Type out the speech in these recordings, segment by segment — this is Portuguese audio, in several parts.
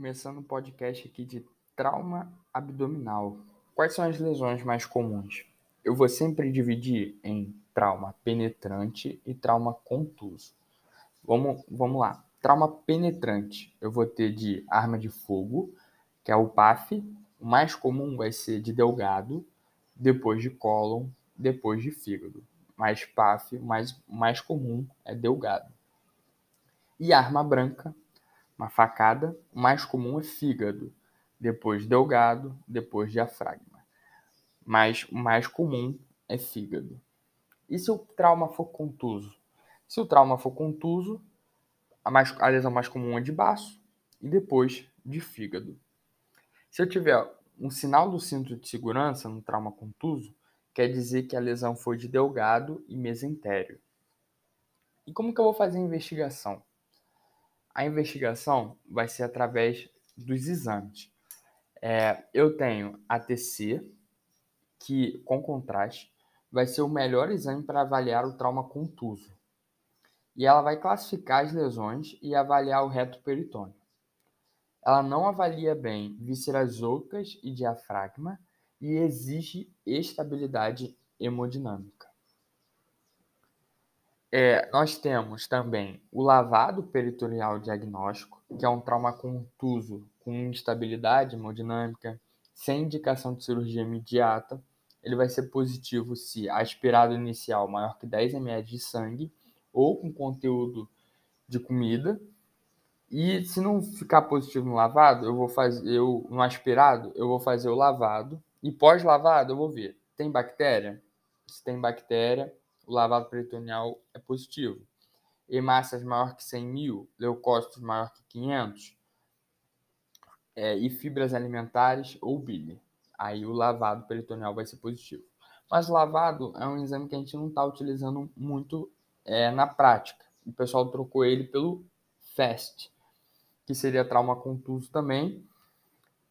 Começando o um podcast aqui de trauma abdominal. Quais são as lesões mais comuns? Eu vou sempre dividir em trauma penetrante e trauma contuso. Vamos, vamos lá. Trauma penetrante, eu vou ter de arma de fogo, que é o PAF. O mais comum vai ser de delgado, depois de cólon, depois de fígado. Mas PAF, o mais, mais comum é delgado. E arma branca, uma facada. O mais comum é fígado, depois delgado, depois diafragma. Mas o mais comum é fígado. E se o trauma for contuso? Se o trauma for contuso, a, mais, a lesão mais comum é de baço e depois de fígado. Se eu tiver um sinal do cinto de segurança no trauma contuso, quer dizer que a lesão foi de delgado e mesentério. E como que eu vou fazer a investigação? A investigação vai ser através dos exames. É, eu tenho a TC, que com contraste vai ser o melhor exame para avaliar o trauma contuso. E ela vai classificar as lesões e avaliar o reto peritônio. Ela não avalia bem vísceras ocas e diafragma e exige estabilidade hemodinâmica. É, nós temos também o lavado peritoneal diagnóstico, que é um trauma contuso com instabilidade hemodinâmica, sem indicação de cirurgia imediata. Ele vai ser positivo se aspirado inicial maior que 10 ml de sangue ou com conteúdo de comida. E se não ficar positivo no lavado, eu vou fazer eu, no aspirado, eu vou fazer o lavado e pós-lavado eu vou ver tem bactéria. Se tem bactéria, o lavado peritoneal é positivo. Hemácias maior que 100 mil, leucócitos maior que 500 é, e fibras alimentares ou bile. Aí o lavado peritoneal vai ser positivo. Mas lavado é um exame que a gente não está utilizando muito é, na prática. O pessoal trocou ele pelo FAST, que seria trauma contuso também.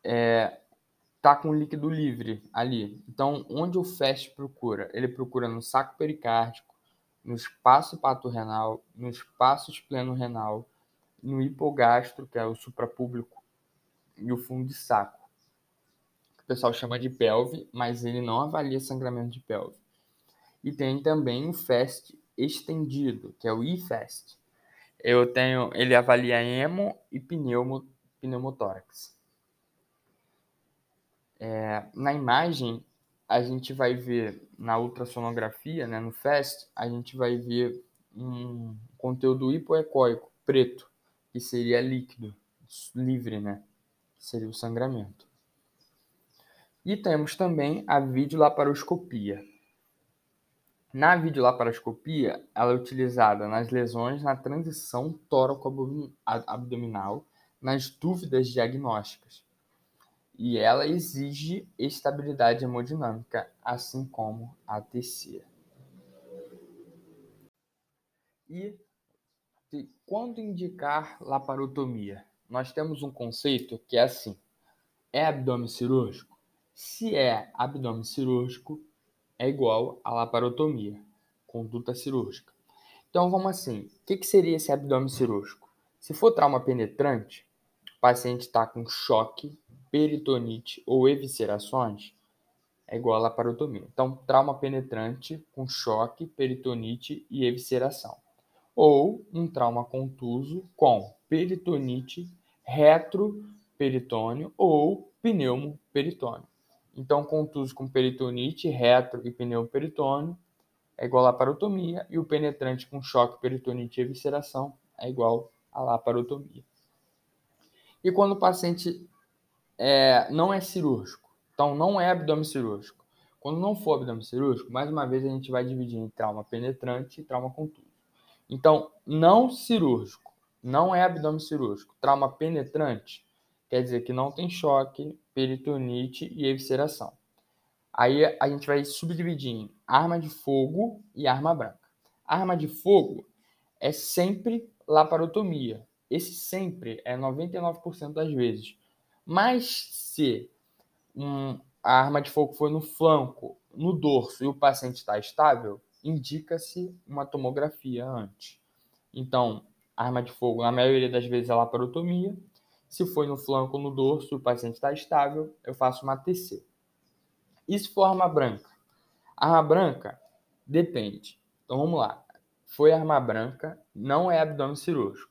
É, tá com líquido livre ali. Então, onde o FAST procura? Ele procura no saco pericárdico, no espaço pato-renal, no espaço espleno-renal, no hipogastro, que é o suprapúblico, e o fundo de saco. O pessoal chama de pelve, mas ele não avalia sangramento de pelve. E tem também o FAST estendido, que é o IFAST. Eu tenho, ele avalia hemo e pneumo, pneumotórax. É, na imagem, a gente vai ver na ultrassonografia, né, no FAST, a gente vai ver um conteúdo hipoecóico, preto, que seria líquido, livre, né? Que seria o sangramento. E temos também a videolaparoscopia. Na videolaparoscopia, ela é utilizada nas lesões na transição tóraco-abdominal, nas dúvidas diagnósticas e ela exige estabilidade hemodinâmica, assim como a TC. E quando indicar laparotomia? Nós temos um conceito que é assim: é abdômen cirúrgico? Se é abdômen cirúrgico, é igual a laparotomia, conduta cirúrgica. Então vamos assim: o que, que seria esse abdômen cirúrgico? Se for trauma penetrante, paciente está com choque, peritonite ou eviscerações, é igual à laparotomia. Então, trauma penetrante com choque, peritonite e evisceração. Ou um trauma contuso com peritonite, retroperitônio ou pneumoperitônio. Então, contuso com peritonite, retro e pneumoperitônio é igual à laparotomia e o penetrante com choque, peritonite e evisceração é igual à laparotomia. E quando o paciente é, não é cirúrgico, então não é abdômen cirúrgico. Quando não for abdômen cirúrgico, mais uma vez a gente vai dividir em trauma penetrante e trauma contuso. Então, não cirúrgico, não é abdômen cirúrgico. Trauma penetrante quer dizer que não tem choque, peritonite e evisceração. Aí a gente vai subdividir em arma de fogo e arma branca. Arma de fogo é sempre laparotomia, esse sempre é 99% das vezes. Mas se um, a arma de fogo foi no flanco, no dorso e o paciente está estável, indica-se uma tomografia antes. Então, a arma de fogo, na maioria das vezes, é laparotomia. Se foi no flanco ou no dorso e o paciente está estável, eu faço uma TC. E se for arma branca? Arma branca depende. Então vamos lá. Foi arma branca, não é abdômen cirúrgico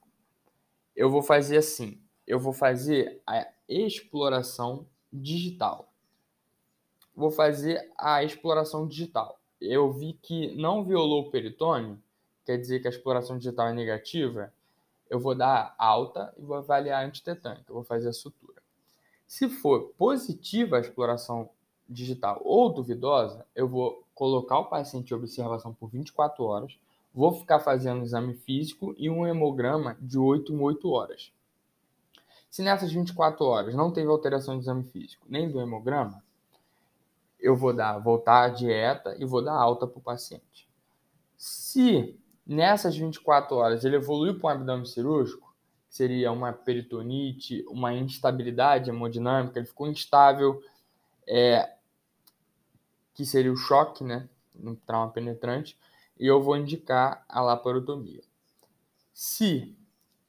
eu vou fazer assim, eu vou fazer a exploração digital. Vou fazer a exploração digital. Eu vi que não violou o peritônio, quer dizer que a exploração digital é negativa, eu vou dar alta e vou avaliar a antitetânica, vou fazer a sutura. Se for positiva a exploração digital ou duvidosa, eu vou colocar o paciente em observação por 24 horas vou ficar fazendo um exame físico e um hemograma de 8 em 8 horas. Se nessas 24 horas não teve alteração do exame físico nem do hemograma, eu vou dar voltar à dieta e vou dar alta para o paciente. Se nessas 24 horas ele evoluiu para um abdômen cirúrgico, que seria uma peritonite, uma instabilidade hemodinâmica, ele ficou instável, é, que seria o choque, né, no trauma penetrante, e eu vou indicar a laparotomia. Se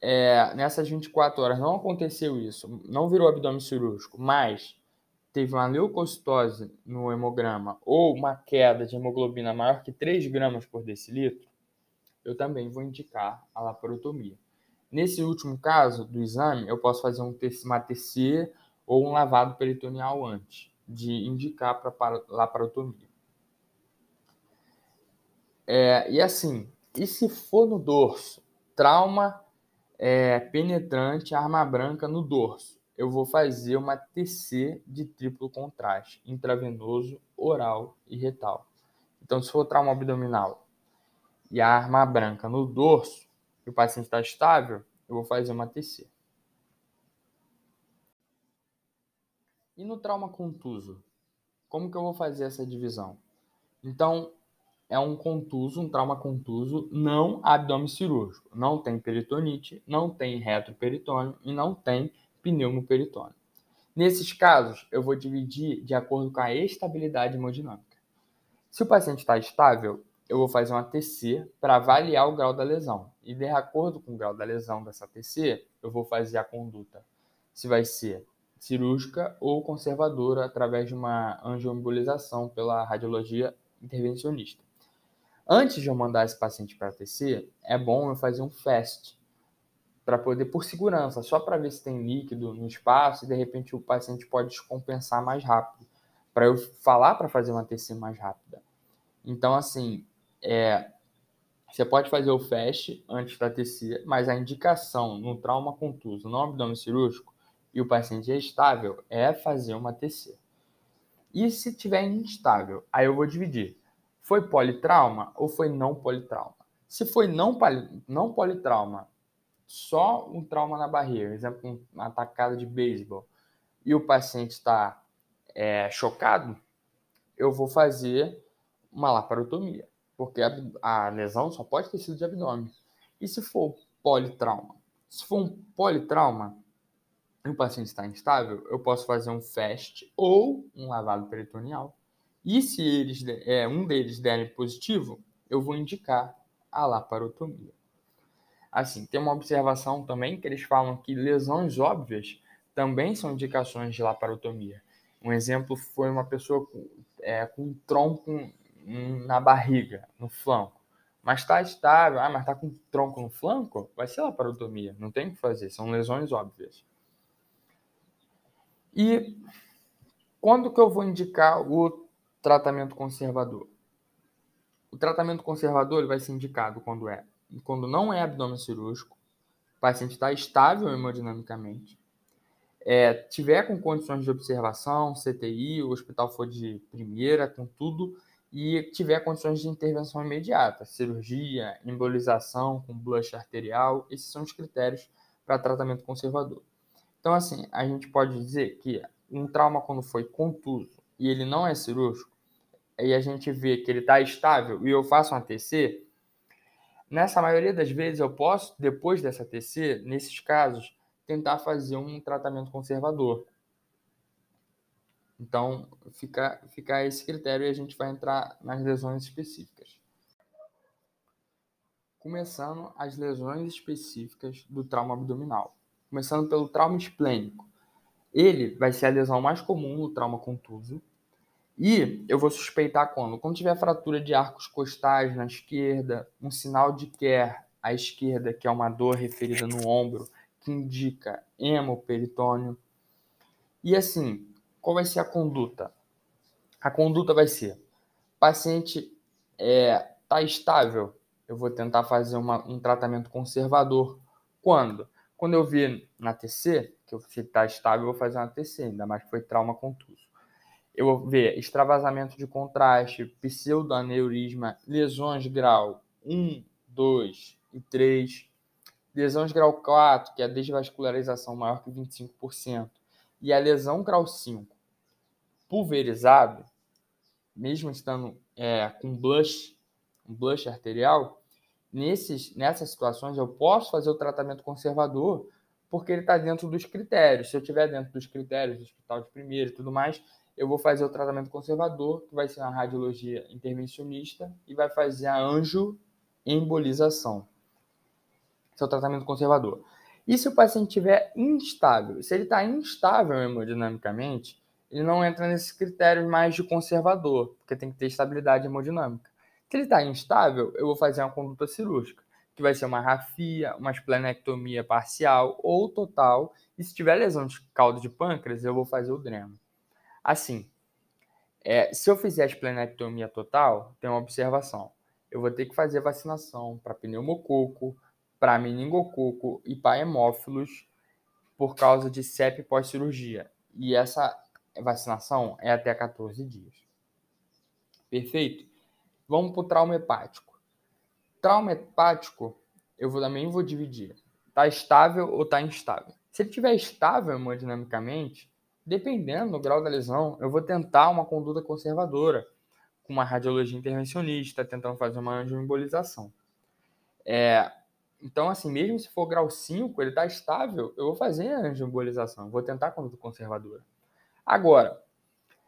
é, nessas 24 horas não aconteceu isso, não virou abdômen cirúrgico, mas teve uma leucocitose no hemograma ou uma queda de hemoglobina maior que 3 gramas por decilitro, eu também vou indicar a laparotomia. Nesse último caso do exame, eu posso fazer um uma TC ou um lavado peritoneal antes de indicar para laparotomia. É, e assim, e se for no dorso? Trauma é, penetrante, arma branca no dorso. Eu vou fazer uma TC de triplo contraste, intravenoso, oral e retal. Então, se for trauma abdominal e a arma branca no dorso, e o paciente está estável, eu vou fazer uma TC. E no trauma contuso, como que eu vou fazer essa divisão? Então, é um contuso, um trauma contuso, não abdômen cirúrgico. Não tem peritonite, não tem retroperitônio e não tem pneumoperitônio. Nesses casos, eu vou dividir de acordo com a estabilidade hemodinâmica. Se o paciente está estável, eu vou fazer uma TC para avaliar o grau da lesão. E de acordo com o grau da lesão dessa TC, eu vou fazer a conduta. Se vai ser cirúrgica ou conservadora através de uma angioembolização pela radiologia intervencionista. Antes de eu mandar esse paciente para TC, é bom eu fazer um FAST para poder, por segurança, só para ver se tem líquido no espaço e de repente o paciente pode descompensar mais rápido, para eu falar para fazer uma TC mais rápida. Então, assim, é, você pode fazer o FAST antes da TC, mas a indicação no trauma contuso, no abdômen cirúrgico, e o paciente é estável, é fazer uma TC. E se tiver instável, aí eu vou dividir. Foi politrauma ou foi não politrauma? Se foi não, não politrauma, só um trauma na barriga, exemplo, uma tacada de beisebol, e o paciente está é, chocado, eu vou fazer uma laparotomia, porque a, a, lesão só pode ter sido de abdômen. E se for politrauma? Se for um politrauma e o paciente está instável, eu posso fazer um FAST ou um lavado peritoneal e se eles, é, um deles derem positivo, eu vou indicar a laparotomia. Assim, tem uma observação também que eles falam que lesões óbvias também são indicações de laparotomia. Um exemplo foi uma pessoa com, é, com um tronco na barriga, no flanco. Mas está estável, ah, mas está com tronco no flanco? Vai ser laparotomia, não tem o que fazer, são lesões óbvias. E quando que eu vou indicar o tratamento conservador. O tratamento conservador vai ser indicado quando é, quando não é abdômen cirúrgico, o paciente está estável hemodinamicamente, é, tiver com condições de observação, CTI, o hospital for de primeira, com tudo, e tiver condições de intervenção imediata, cirurgia, embolização com blush arterial, esses são os critérios para tratamento conservador. Então, assim, a gente pode dizer que um trauma quando foi contuso e ele não é cirúrgico, e a gente vê que ele está estável e eu faço uma TC, nessa maioria das vezes eu posso, depois dessa TC, nesses casos, tentar fazer um tratamento conservador. Então, fica, fica esse critério e a gente vai entrar nas lesões específicas. Começando as lesões específicas do trauma abdominal. Começando pelo trauma esplênico. Ele vai ser a lesão mais comum no trauma contuso, e eu vou suspeitar quando? Quando tiver fratura de arcos costais na esquerda, um sinal de quer à é esquerda, que é uma dor referida no ombro, que indica hemoperitônio. E assim, qual vai ser a conduta? A conduta vai ser: paciente é, tá estável, eu vou tentar fazer uma, um tratamento conservador. Quando? Quando eu vi na TC, que eu, se está estável, eu vou fazer uma TC, ainda mais que foi trauma contuso eu vou ver extravasamento de contraste, pseudoaneurisma, lesões grau 1, 2 e 3, lesões grau 4, que é a desvascularização maior que 25%, e a lesão grau 5 pulverizado, mesmo estando é, com blush, um blush arterial, nesses, nessas situações eu posso fazer o tratamento conservador porque ele está dentro dos critérios. Se eu tiver dentro dos critérios do hospital de primeiro e tudo mais, eu vou fazer o tratamento conservador, que vai ser uma radiologia intervencionista, e vai fazer a anjoembolização. Esse é o tratamento conservador. E se o paciente estiver instável? Se ele está instável hemodinamicamente, ele não entra nesses critérios mais de conservador, porque tem que ter estabilidade hemodinâmica. Se ele está instável, eu vou fazer uma conduta cirúrgica, que vai ser uma rafia, uma esplenectomia parcial ou total, e se tiver lesão de caldo de pâncreas, eu vou fazer o dreno. Assim, é, se eu fizer a esplenectomia total, tem uma observação. Eu vou ter que fazer vacinação para pneumococo, para meningococo e para hemófilos por causa de CEP pós-cirurgia. E essa vacinação é até 14 dias. Perfeito? Vamos para o trauma hepático. Trauma hepático, eu vou, também vou dividir. Está estável ou está instável? Se ele estiver estável hemodinamicamente, dependendo do grau da lesão, eu vou tentar uma conduta conservadora, com uma radiologia intervencionista, tentando fazer uma angioembolização. É, então, assim, mesmo se for grau 5, ele está estável, eu vou fazer a angioembolização, vou tentar a conduta conservadora. Agora,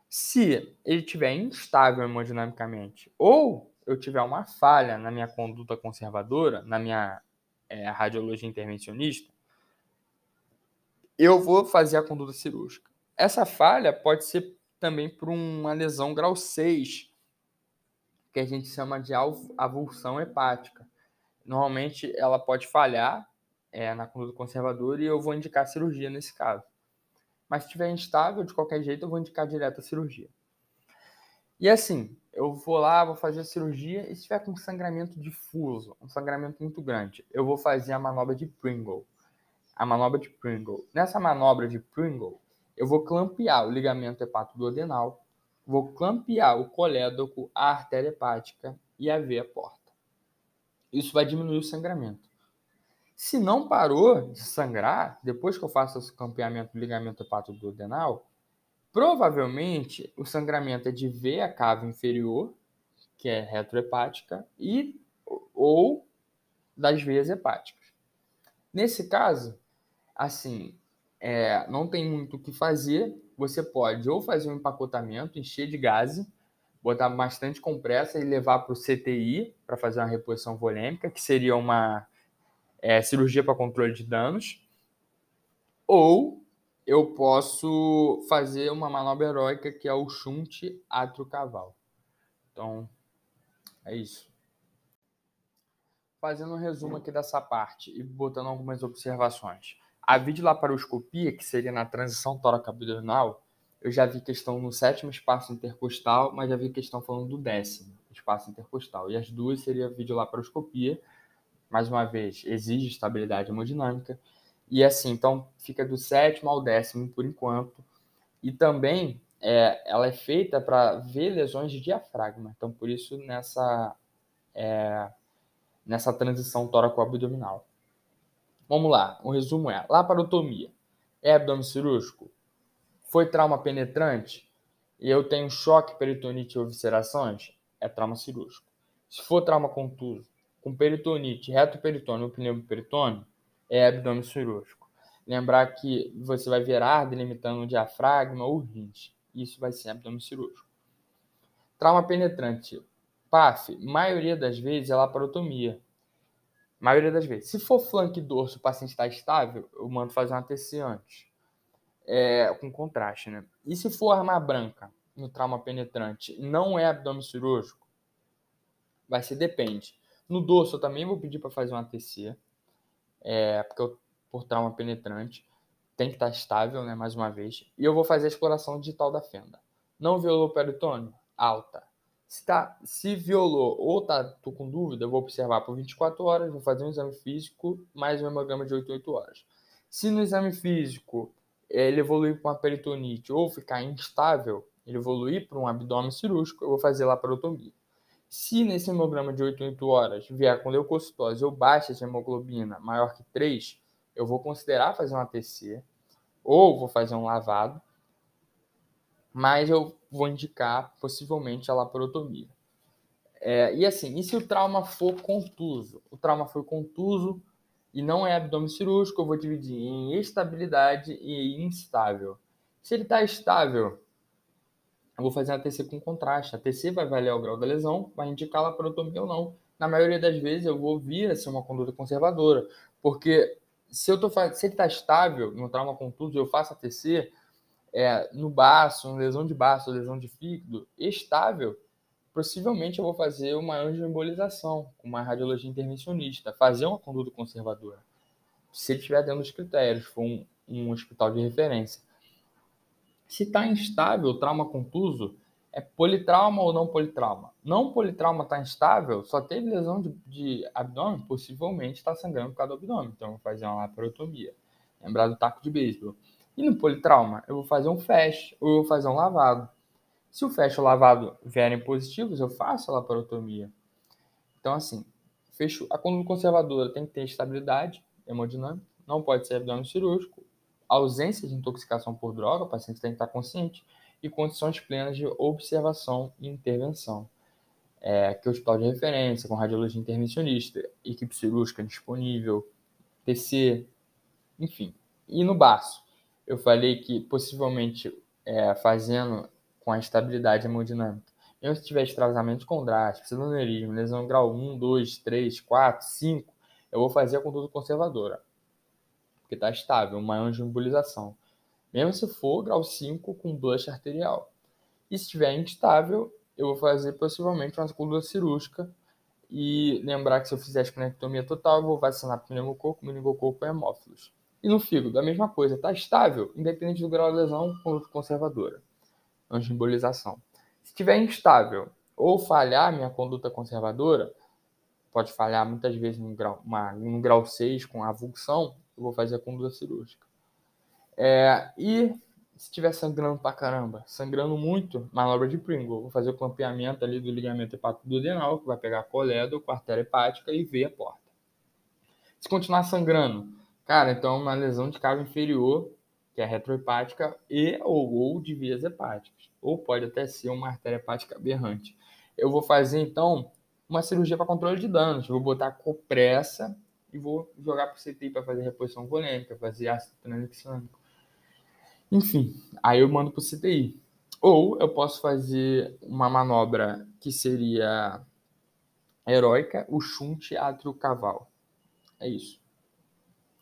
se ele estiver instável hemodinamicamente ou eu tiver uma falha na minha conduta conservadora, na minha é, radiologia intervencionista, eu vou fazer a conduta cirúrgica essa falha pode ser também por uma lesão grau 6, que a gente chama de avulsão hepática. Normalmente ela pode falhar é, na conduta conservadora e eu vou indicar cirurgia nesse caso. Mas se estiver instável, de qualquer jeito, eu vou indicar direto a cirurgia. E assim, eu vou lá, vou fazer a cirurgia e se tiver com sangramento difuso, um sangramento muito grande, eu vou fazer a manobra de Pringle. A manobra de Pringle. Nessa manobra de Pringle, eu vou clampear o ligamento duodenal, vou clampear o colédoco, a artéria hepática e a veia porta. Isso vai diminuir o sangramento. Se não parou de sangrar, depois que eu faço esse campeamento do ligamento duodenal, provavelmente o sangramento é de veia cava inferior, que é retrohepática, e ou das veias hepáticas. Nesse caso, assim, é, não tem muito o que fazer, você pode ou fazer um empacotamento, encher de gás, botar bastante compressa e levar para o CTI para fazer uma reposição volêmica, que seria uma é, cirurgia para controle de danos. Ou eu posso fazer uma manobra heróica que é o shunt atrio-cavalo. Então, é isso. Fazendo um resumo aqui dessa parte e botando algumas observações. A videolaparoscopia, que seria na transição tóraco abdominal eu já vi questão no sétimo espaço intercostal, mas já vi questão falando do décimo espaço intercostal. E as duas seria videolaparoscopia, mais uma vez, exige estabilidade hemodinâmica. E assim, então fica do sétimo ao décimo por enquanto. E também é, ela é feita para ver lesões de diafragma. Então, por isso, nessa, é, nessa transição tóraco-abdominal. Vamos lá, o um resumo é: laparotomia é abdômen cirúrgico? Foi trauma penetrante? E eu tenho choque, peritonite e obserações? É trauma cirúrgico. Se for trauma contuso, com peritonite, reto peritônio ou pneumoperitônio, é abdômen cirúrgico. Lembrar que você vai ver ar delimitando o diafragma ou rins. Isso vai ser abdômen cirúrgico. Trauma penetrante. PAF, maioria das vezes é laparotomia. A maioria das vezes. Se for flanco e dorso, o paciente está estável, eu mando fazer uma TC antes. É, com contraste, né? E se for arma branca no trauma penetrante, não é abdômen cirúrgico? Vai ser depende. No dorso, eu também vou pedir para fazer uma TC, é, porque eu, por trauma penetrante tem que estar tá estável, né? Mais uma vez. E eu vou fazer a exploração digital da fenda. Não violou o peritônio? Alta. Se, tá, se violou ou tá, tô com dúvida, vou observar por 24 horas, vou fazer um exame físico, mais um hemograma de 8, 8 horas. Se no exame físico ele evoluir para uma peritonite ou ficar instável, ele evoluir para um abdômen cirúrgico, eu vou fazer laparotomia. Se nesse hemograma de 8 8 horas vier com leucocitose ou baixa de hemoglobina maior que 3, eu vou considerar fazer um ATC ou vou fazer um lavado, mas eu vou indicar possivelmente a laparotomia. É, e assim, e se o trauma for contuso? O trauma foi contuso e não é abdômen cirúrgico, eu vou dividir em estabilidade e instável. Se ele está estável, eu vou fazer a TC com contraste. A TC vai avaliar o grau da lesão, vai indicar a laparotomia ou não. Na maioria das vezes eu vou vir a ser uma conduta conservadora, porque se, eu tô, se ele está estável no trauma contuso eu faço a TC, é, no baço, lesão de baço, lesão de fígado, estável, possivelmente eu vou fazer uma angioembolização, uma radiologia intervencionista, fazer uma conduta conservadora, se ele estiver dentro dos critérios, for um, um hospital de referência. Se está instável, trauma contuso, é politrauma ou não politrauma? Não politrauma está instável, só teve lesão de, de abdômen, possivelmente está sangrando por causa do abdômen, então vou fazer uma laparotomia. Lembrar do taco de beisebol. E no politrauma, eu vou fazer um fast ou eu vou fazer um lavado. Se o fast ou o lavado vierem positivos, eu faço a laparotomia. Então, assim, fecho, a coluna conservadora tem que ter estabilidade hemodinâmica, não pode ser abdômen cirúrgico, ausência de intoxicação por droga, o paciente tem que estar consciente, e condições plenas de observação e intervenção. É, que é o hospital de referência, com radiologia intervencionista, equipe cirúrgica disponível, TC, enfim. E no baço, eu falei que possivelmente é, fazendo com a estabilidade hemodinâmica, mesmo se tiver extravasamento drástico, pseudoneurismo, lesão grau 1, 2, 3, 4, 5, eu vou fazer a conduta conservadora, porque está estável, maior de embolização. Mesmo se for grau 5 com blush arterial. E se estiver instável, eu vou fazer possivelmente uma conduta cirúrgica e lembrar que se eu fizer a esplenectomia total, eu vou vacinar pneumococo, meningococo e hemófilos. E no fígado, a mesma coisa, está estável, independente do grau de lesão conservadora, angibolização. Se estiver instável ou falhar minha conduta conservadora, pode falhar muitas vezes no grau, uma, no grau 6 com avulsão, eu vou fazer a conduta cirúrgica. É, e se estiver sangrando pra caramba, sangrando muito, manobra de Pringle, vou fazer o campeamento ali do ligamento duodenal que vai pegar a coleda com a artéria hepática e ver a porta. Se continuar sangrando, Cara, então uma lesão de cava inferior, que é retrohepática, e ou, ou de vias hepáticas. Ou pode até ser uma artéria hepática aberrante. Eu vou fazer, então, uma cirurgia para controle de danos. Vou botar compressa e vou jogar para o CTI para fazer reposição volêmica, fazer ácido tranexâmico. Enfim, aí eu mando para o CTI. Ou eu posso fazer uma manobra que seria heróica, o shunt caval É isso.